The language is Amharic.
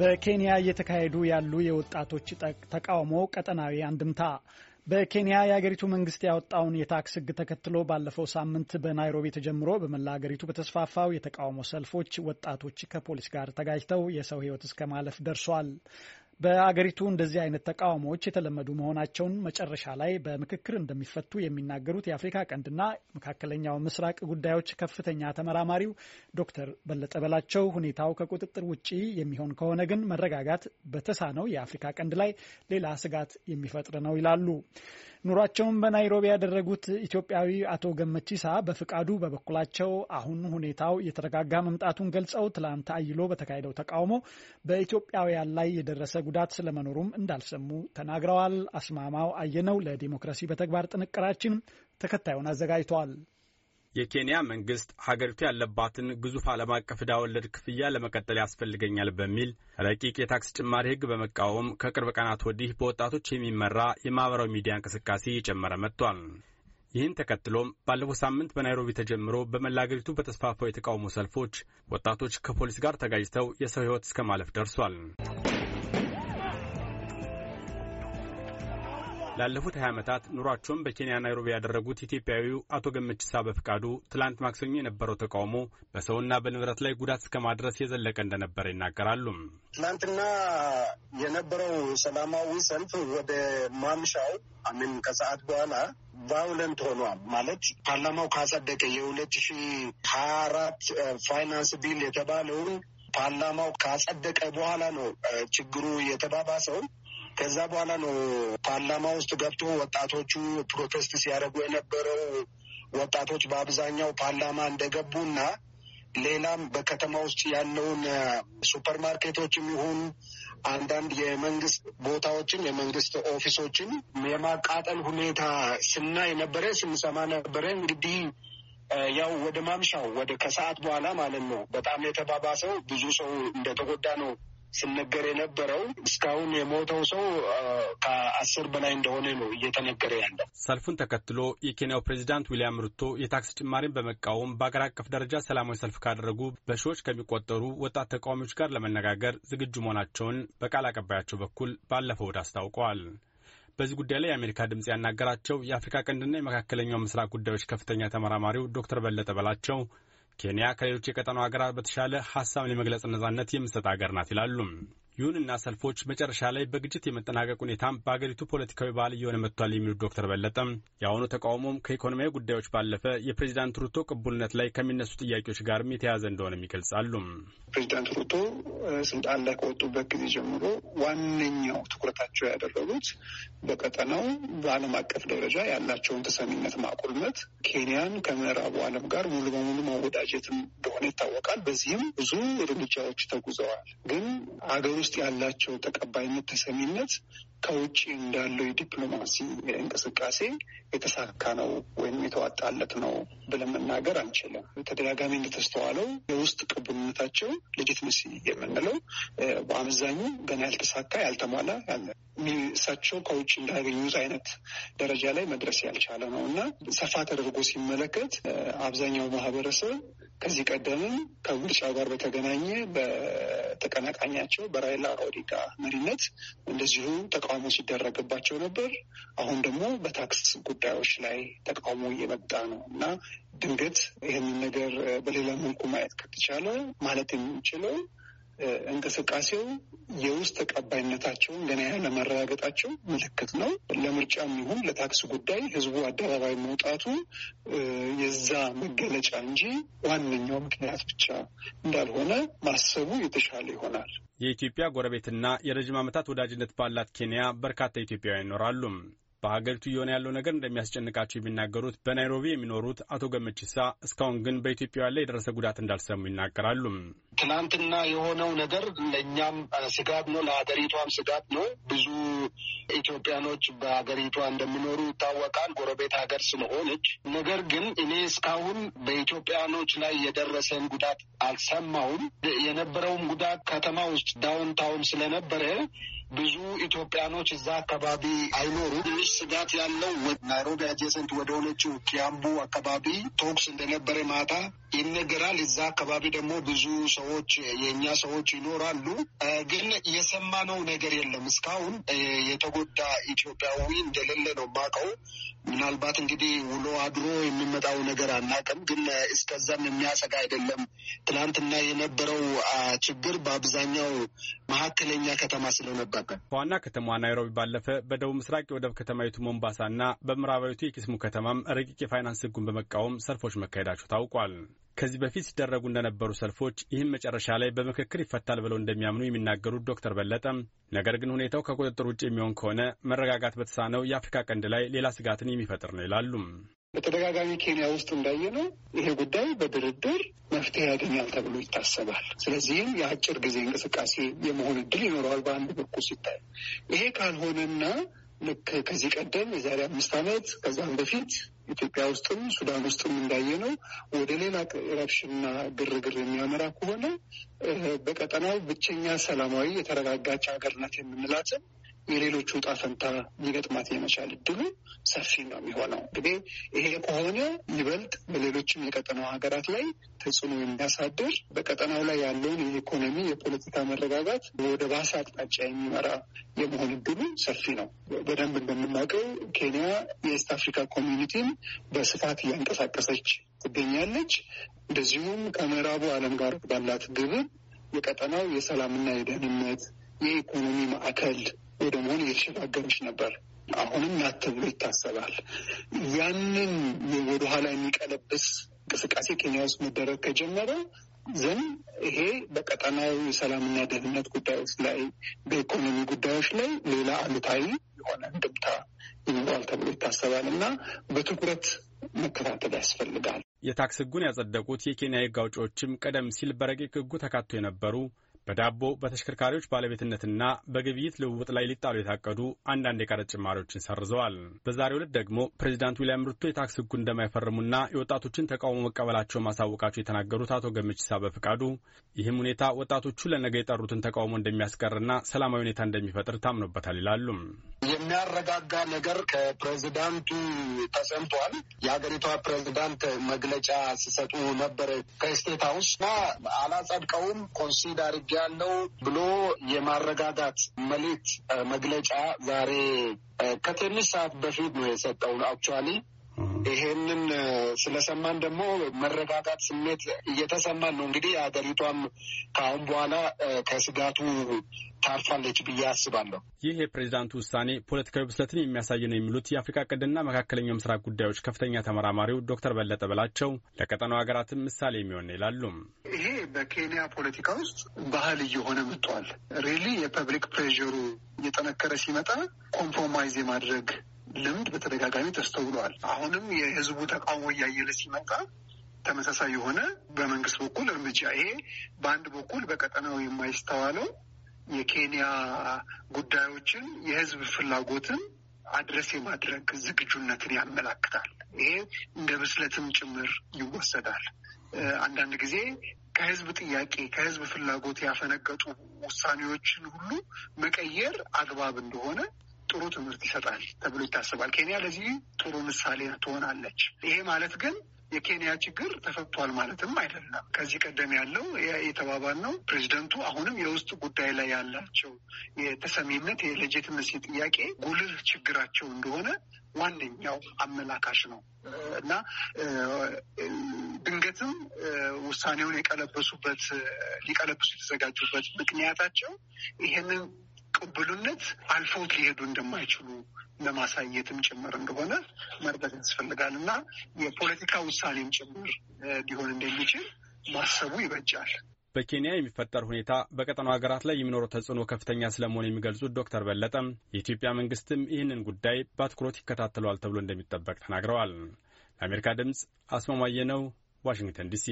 በኬንያ እየተካሄዱ ያሉ የወጣቶች ተቃውሞ ቀጠናዊ አንድምታ በኬንያ የአገሪቱ መንግስት ያወጣውን የታክስ ህግ ተከትሎ ባለፈው ሳምንት በናይሮቢ ተጀምሮ በመላ አገሪቱ በተስፋፋው የተቃውሞ ሰልፎች ወጣቶች ከፖሊስ ጋር ተጋጅተው የሰው ህይወት እስከ ማለፍ ደርሷል። በአገሪቱ እንደዚህ አይነት ተቃውሞዎች የተለመዱ መሆናቸውን መጨረሻ ላይ በምክክር እንደሚፈቱ የሚናገሩት የአፍሪካ ቀንድና መካከለኛው ምስራቅ ጉዳዮች ከፍተኛ ተመራማሪው ዶክተር በለጠ በላቸው ሁኔታው ከቁጥጥር ውጭ የሚሆን ከሆነ ግን መረጋጋት በተሳነው የአፍሪካ ቀንድ ላይ ሌላ ስጋት የሚፈጥር ነው ይላሉ። ኑሯቸውን በናይሮቢ ያደረጉት ኢትዮጵያዊ አቶ ገመቺሳ በፍቃዱ በበኩላቸው አሁን ሁኔታው የተረጋጋ መምጣቱን ገልጸው ትላንት አይሎ በተካሄደው ተቃውሞ በኢትዮጵያውያን ላይ የደረሰ ጉዳት ስለመኖሩም እንዳልሰሙ ተናግረዋል። አስማማው አየነው ለዲሞክራሲ በተግባር ጥንቅራችን ተከታዩን አዘጋጅተዋል። የኬንያ መንግስት ሀገሪቱ ያለባትን ግዙፍ ዓለም አቀፍ ዕዳ ወለድ ክፍያ ለመቀጠል ያስፈልገኛል በሚል ረቂቅ የታክስ ጭማሪ ህግ በመቃወም ከቅርብ ቀናት ወዲህ በወጣቶች የሚመራ የማኅበራዊ ሚዲያ እንቅስቃሴ እየጨመረ መጥቷል። ይህን ተከትሎም ባለፈው ሳምንት በናይሮቢ ተጀምሮ በመላ አገሪቱ በተስፋፋው የተቃውሞ ሰልፎች ወጣቶች ከፖሊስ ጋር ተጋጅተው የሰው ሕይወት እስከ ማለፍ ደርሷል። ላለፉት 20 ዓመታት ኑሯቸውን በኬንያ ናይሮቢ ያደረጉት ኢትዮጵያዊው አቶ ገመችሳ በፍቃዱ ትላንት ማክሰኞ የነበረው ተቃውሞ በሰውና በንብረት ላይ ጉዳት እስከ ማድረስ የዘለቀ እንደነበረ ይናገራሉ። ትናንትና የነበረው ሰላማዊ ሰልፍ ወደ ማምሻው አሚን ከሰዓት በኋላ ቫዮለንት ሆኗል። ማለት ፓርላማው ካጸደቀ የሁለት ሺ ሀያ አራት ፋይናንስ ቢል የተባለውን ፓርላማው ካጸደቀ በኋላ ነው ችግሩ የተባባሰው። ከዛ በኋላ ነው ፓርላማ ውስጥ ገብቶ ወጣቶቹ ፕሮቴስት ሲያደርጉ የነበረው። ወጣቶች በአብዛኛው ፓርላማ እንደገቡና ሌላም በከተማ ውስጥ ያለውን ሱፐርማርኬቶች ይሁን አንዳንድ የመንግስት ቦታዎችን የመንግስት ኦፊሶችን የማቃጠል ሁኔታ ስናይ ነበረ፣ ስንሰማ ነበረ። እንግዲህ ያው ወደ ማምሻው ወደ ከሰዓት በኋላ ማለት ነው በጣም የተባባሰው ብዙ ሰው እንደተጎዳ ነው ሲነገር የነበረው እስካሁን የሞተው ሰው ከአስር በላይ እንደሆነ ነው እየተነገረ ያለው። ሰልፉን ተከትሎ የኬንያው ፕሬዚዳንት ዊልያም ሩቶ የታክስ ጭማሪን በመቃወም በአገር አቀፍ ደረጃ ሰላማዊ ሰልፍ ካደረጉ በሺዎች ከሚቆጠሩ ወጣት ተቃዋሚዎች ጋር ለመነጋገር ዝግጁ መሆናቸውን በቃል አቀባያቸው በኩል ባለፈው እሁድ አስታውቀዋል። በዚህ ጉዳይ ላይ የአሜሪካ ድምፅ ያናገራቸው የአፍሪካ ቀንድና የመካከለኛው ምስራቅ ጉዳዮች ከፍተኛ ተመራማሪው ዶክተር በለጠ በላቸው ኬንያ ከሌሎች የቀጠናው ሀገራት በተሻለ ሀሳብን የመግለጽ ነጻነት የምትሰጥ ሀገር ናት ይላሉ። ይሁንና ሰልፎች መጨረሻ ላይ በግጭት የመጠናቀቅ ሁኔታም በአገሪቱ ፖለቲካዊ ባህል እየሆነ መጥቷል የሚሉት ዶክተር በለጠም የአሁኑ ተቃውሞም ከኢኮኖሚያዊ ጉዳዮች ባለፈ የፕሬዚዳንት ሩቶ ቅቡልነት ላይ ከሚነሱ ጥያቄዎች ጋርም የተያዘ እንደሆነም ይገልጻሉ። ፕሬዚዳንት ሩቶ ስልጣን ላይ ከወጡበት ጊዜ ጀምሮ ዋነኛው ትኩረታቸው ያደረጉት በቀጠናው በዓለም አቀፍ ደረጃ ያላቸውን ተሰሚነት ማቁልመት፣ ኬንያን ከምዕራቡ ዓለም ጋር ሙሉ በሙሉ ማወዳጀትም እንደሆነ ይታወቃል። በዚህም ብዙ እርምጃዎች ተጉዘዋል። ግን አገሩ ውስጥ ያላቸው ተቀባይነት፣ ተሰሚነት ከውጭ እንዳለው የዲፕሎማሲ እንቅስቃሴ የተሳካ ነው ወይም የተዋጣለት ነው ብለን መናገር አንችልም። ተደጋጋሚ እንደተስተዋለው የውስጥ ቅቡልነታቸው ምስ የምንለው በአመዛኙ ገና ያልተሳካ ያልተሟላ ያለ እሳቸው ከውጭ እንዳገኙት አይነት ደረጃ ላይ መድረስ ያልቻለ ነው እና ሰፋ ተደርጎ ሲመለከት አብዛኛው ማህበረሰብ ከዚህ ቀደምም ከምርጫ ጋር በተገናኘ በተቀናቃኛቸው በራይላ ኦዲጋ መሪነት እንደዚሁ ተቃውሞ ሲደረግባቸው ነበር። አሁን ደግሞ በታክስ ጉዳዮች ላይ ተቃውሞ እየመጣ ነው እና ድንገት ይህንን ነገር በሌላ መልኩ ማየት ከተቻለ ማለት የምንችለው እንቅስቃሴው የውስጥ ተቀባይነታቸውን ገና ለማረጋገጣቸው ምልክት ነው። ለምርጫም ይሁን ለታክስ ጉዳይ ህዝቡ አደባባይ መውጣቱ የዛ መገለጫ እንጂ ዋነኛው ምክንያት ብቻ እንዳልሆነ ማሰቡ የተሻለ ይሆናል። የኢትዮጵያ ጎረቤትና የረዥም ዓመታት ወዳጅነት ባላት ኬንያ በርካታ ኢትዮጵያውያን ይኖራሉ። በሀገሪቱ እየሆነ ያለው ነገር እንደሚያስጨንቃቸው የሚናገሩት በናይሮቢ የሚኖሩት አቶ ገመችሳ እስካሁን ግን በኢትዮጵያውያን ላይ የደረሰ ጉዳት እንዳልሰሙ ይናገራሉ። ትናንትና የሆነው ነገር ለእኛም ስጋት ነው፣ ለሀገሪቷም ስጋት ነው። ብዙ ኢትዮጵያኖች በሀገሪቷ እንደሚኖሩ ይታወቃል፣ ጎረቤት ሀገር ስለሆነች። ነገር ግን እኔ እስካሁን በኢትዮጵያኖች ላይ የደረሰን ጉዳት አልሰማውም። የነበረውም ጉዳት ከተማ ውስጥ ዳውንታውን ስለነበረ ብዙ ኢትዮጵያኖች እዛ አካባቢ አይኖሩ። ትንሽ ስጋት ያለው ናይሮቢ አጀሰንት ወደ ሆነችው ኪያምቡ አካባቢ ቶክስ እንደነበረ ማታ ይነገራል። እዛ አካባቢ ደግሞ ብዙ ሰው ሰዎች የእኛ ሰዎች ይኖራሉ። ግን የሰማነው ነገር የለም። እስካሁን የተጎዳ ኢትዮጵያዊ እንደሌለ ነው የማውቀው። ምናልባት እንግዲህ ውሎ አድሮ የሚመጣው ነገር አናውቅም፣ ግን እስከዛም የሚያሰጋ አይደለም። ትናንትና የነበረው ችግር በአብዛኛው መካከለኛ ከተማ ስለነበረ በዋና ከተማዋ ናይሮቢ ባለፈ በደቡብ ምስራቅ የወደብ ሞምባሳ ሞምባሳና በምዕራባዊቱ የኪስሙ ከተማም ረቂቅ የፋይናንስ ሕጉን በመቃወም ሰልፎች መካሄዳቸው ታውቋል። ከዚህ በፊት ሲደረጉ እንደነበሩ ሰልፎች ይህም መጨረሻ ላይ በምክክር ይፈታል ብለው እንደሚያምኑ የሚናገሩት ዶክተር በለጠም ነገር ግን ሁኔታው ከቁጥጥር ውጭ የሚሆን ከሆነ መረጋጋት በተሳነው የአፍሪካ ቀንድ ላይ ሌላ ስጋትን የሚፈጥር ነው ይላሉም። በተደጋጋሚ ኬንያ ውስጥ እንዳየነው ይሄ ጉዳይ በድርድር መፍትሄ ያገኛል ተብሎ ይታሰባል። ስለዚህም የአጭር ጊዜ እንቅስቃሴ የመሆን እድል ይኖረዋል በአንድ በኩል ሲታይ። ይሄ ካልሆነና ልክ ከዚህ ቀደም የዛሬ አምስት ዓመት ከዛም በፊት ኢትዮጵያ ውስጥም ሱዳን ውስጥም እንዳየ ነው ወደ ሌላ ረብሽና ግርግር የሚያመራ ከሆነ በቀጠናው ብቸኛ ሰላማዊ የተረጋጋች ሀገርነት የምንላትን የሌሎቹ ዕጣ ፈንታ ሊገጥማት የመቻል እድሉ ሰፊ ነው የሚሆነው። እንግዲህ ይሄ ከሆነ ይበልጥ በሌሎችም የቀጠናው ሀገራት ላይ ተጽዕኖ የሚያሳድር በቀጠናው ላይ ያለውን የኢኮኖሚ የፖለቲካ መረጋጋት ወደ ባሰ አቅጣጫ የሚመራ የመሆን እድሉ ሰፊ ነው። በደንብ እንደምናውቀው ኬንያ የኢስት አፍሪካ ኮሚኒቲን በስፋት እያንቀሳቀሰች ትገኛለች። እንደዚሁም ከምዕራቡ ዓለም ጋር ባላት ግብር የቀጠናው የሰላምና የደህንነት የኢኮኖሚ ማዕከል ወደ መሆን እየተሸጋገረች ነበር። አሁንም ናት ተብሎ ይታሰባል። ያንን ወደኋላ የሚቀለብስ እንቅስቃሴ ኬንያ ውስጥ መደረግ ከጀመረ ዘን ይሄ በቀጠናዊ የሰላምና ደህንነት ጉዳዮች ላይ በኢኮኖሚ ጉዳዮች ላይ ሌላ አሉታዊ የሆነ እንድምታ ይኖረዋል ተብሎ ይታሰባል እና በትኩረት መከታተል ያስፈልጋል። የታክስ ሕጉን ያጸደቁት የኬንያ ሕግ አውጪዎችም ቀደም ሲል በረቂቅ ሕጉ ተካቶ የነበሩ በዳቦ በተሽከርካሪዎች ባለቤትነትና በግብይት ልውውጥ ላይ ሊጣሉ የታቀዱ አንዳንድ የቀረጥ ጭማሪዎችን ሰርዘዋል። በዛሬው ዕለት ደግሞ ፕሬዚዳንት ዊልያም ሩቶ የታክስ ሕጉ እንደማይፈርሙና የወጣቶችን ተቃውሞ መቀበላቸው ማሳወቃቸው የተናገሩት አቶ ገመቺሳ በፍቃዱ ይህም ሁኔታ ወጣቶቹ ለነገ የጠሩትን ተቃውሞ እንደሚያስቀርና ሰላማዊ ሁኔታ እንደሚፈጥር ታምኖበታል ይላሉ። የሚያረጋጋ ነገር ከፕሬዚዳንቱ ተሰምቷል። የሀገሪቷ ፕሬዚዳንት መግለጫ ሲሰጡ ነበር ከስቴት ሀውስ እና አላጸድቀውም ኮንሲድ አድርጌ ያለው ብሎ የማረጋጋት መልዕክት መግለጫ ዛሬ ከትንሽ ሰዓት በፊት ነው የሰጠውን አክቹዋሊ ይሄንን ስለሰማን ደግሞ መረጋጋት ስሜት እየተሰማን ነው። እንግዲህ ሀገሪቷም ከአሁን በኋላ ከስጋቱ ታርፋለች ብዬ አስባለሁ። ይህ የፕሬዚዳንቱ ውሳኔ ፖለቲካዊ ብስለትን የሚያሳይ ነው የሚሉት የአፍሪካ ቀንድና መካከለኛው ምስራቅ ጉዳዮች ከፍተኛ ተመራማሪው ዶክተር በለጠ በላቸው ለቀጠናው ሀገራትም ምሳሌ የሚሆን ይላሉም። ይሄ በኬንያ ፖለቲካ ውስጥ ባህል እየሆነ መጥቷል። ሪሊ የፐብሊክ ፕሬሩ እየጠነከረ ሲመጣ ኮምፕሮማይዝ የማድረግ ልምድ በተደጋጋሚ ተስተውሏል። አሁንም የህዝቡ ተቃውሞ እያየለ ሲመጣ ተመሳሳይ የሆነ በመንግስት በኩል እርምጃ ይሄ በአንድ በኩል በቀጠናው የማይስተዋለው የኬንያ ጉዳዮችን የህዝብ ፍላጎትን አድረስ የማድረግ ዝግጁነትን ያመላክታል። ይሄ እንደ ብስለትም ጭምር ይወሰዳል። አንዳንድ ጊዜ ከህዝብ ጥያቄ ከህዝብ ፍላጎት ያፈነገጡ ውሳኔዎችን ሁሉ መቀየር አግባብ እንደሆነ ጥሩ ትምህርት ይሰጣል ተብሎ ይታሰባል። ኬንያ ለዚህ ጥሩ ምሳሌ ትሆናለች። ይሄ ማለት ግን የኬንያ ችግር ተፈቷል ማለትም አይደለም። ከዚህ ቀደም ያለው የተባባል ነው። ፕሬዚደንቱ አሁንም የውስጥ ጉዳይ ላይ ያላቸው የተሰሚነት የሌጂትመሲ ጥያቄ ጉልህ ችግራቸው እንደሆነ ዋነኛው አመላካሽ ነው እና ድንገትም ውሳኔውን የቀለበሱበት ሊቀለብሱ የተዘጋጁበት ምክንያታቸው ይሄንን ቅቡልነት አልፎት ሊሄዱ እንደማይችሉ ለማሳየትም ጭምር እንደሆነ መርበት ያስፈልጋል እና የፖለቲካ ውሳኔም ጭምር ሊሆን እንደሚችል ማሰቡ ይበጃል። በኬንያ የሚፈጠር ሁኔታ በቀጠናው ሀገራት ላይ የሚኖረው ተጽዕኖ ከፍተኛ ስለመሆኑ የሚገልጹት ዶክተር በለጠም የኢትዮጵያ መንግስትም ይህንን ጉዳይ በአትኩሮት ይከታተሏል ተብሎ እንደሚጠበቅ ተናግረዋል። ለአሜሪካ ድምፅ አስማማየ ነው፣ ዋሽንግተን ዲሲ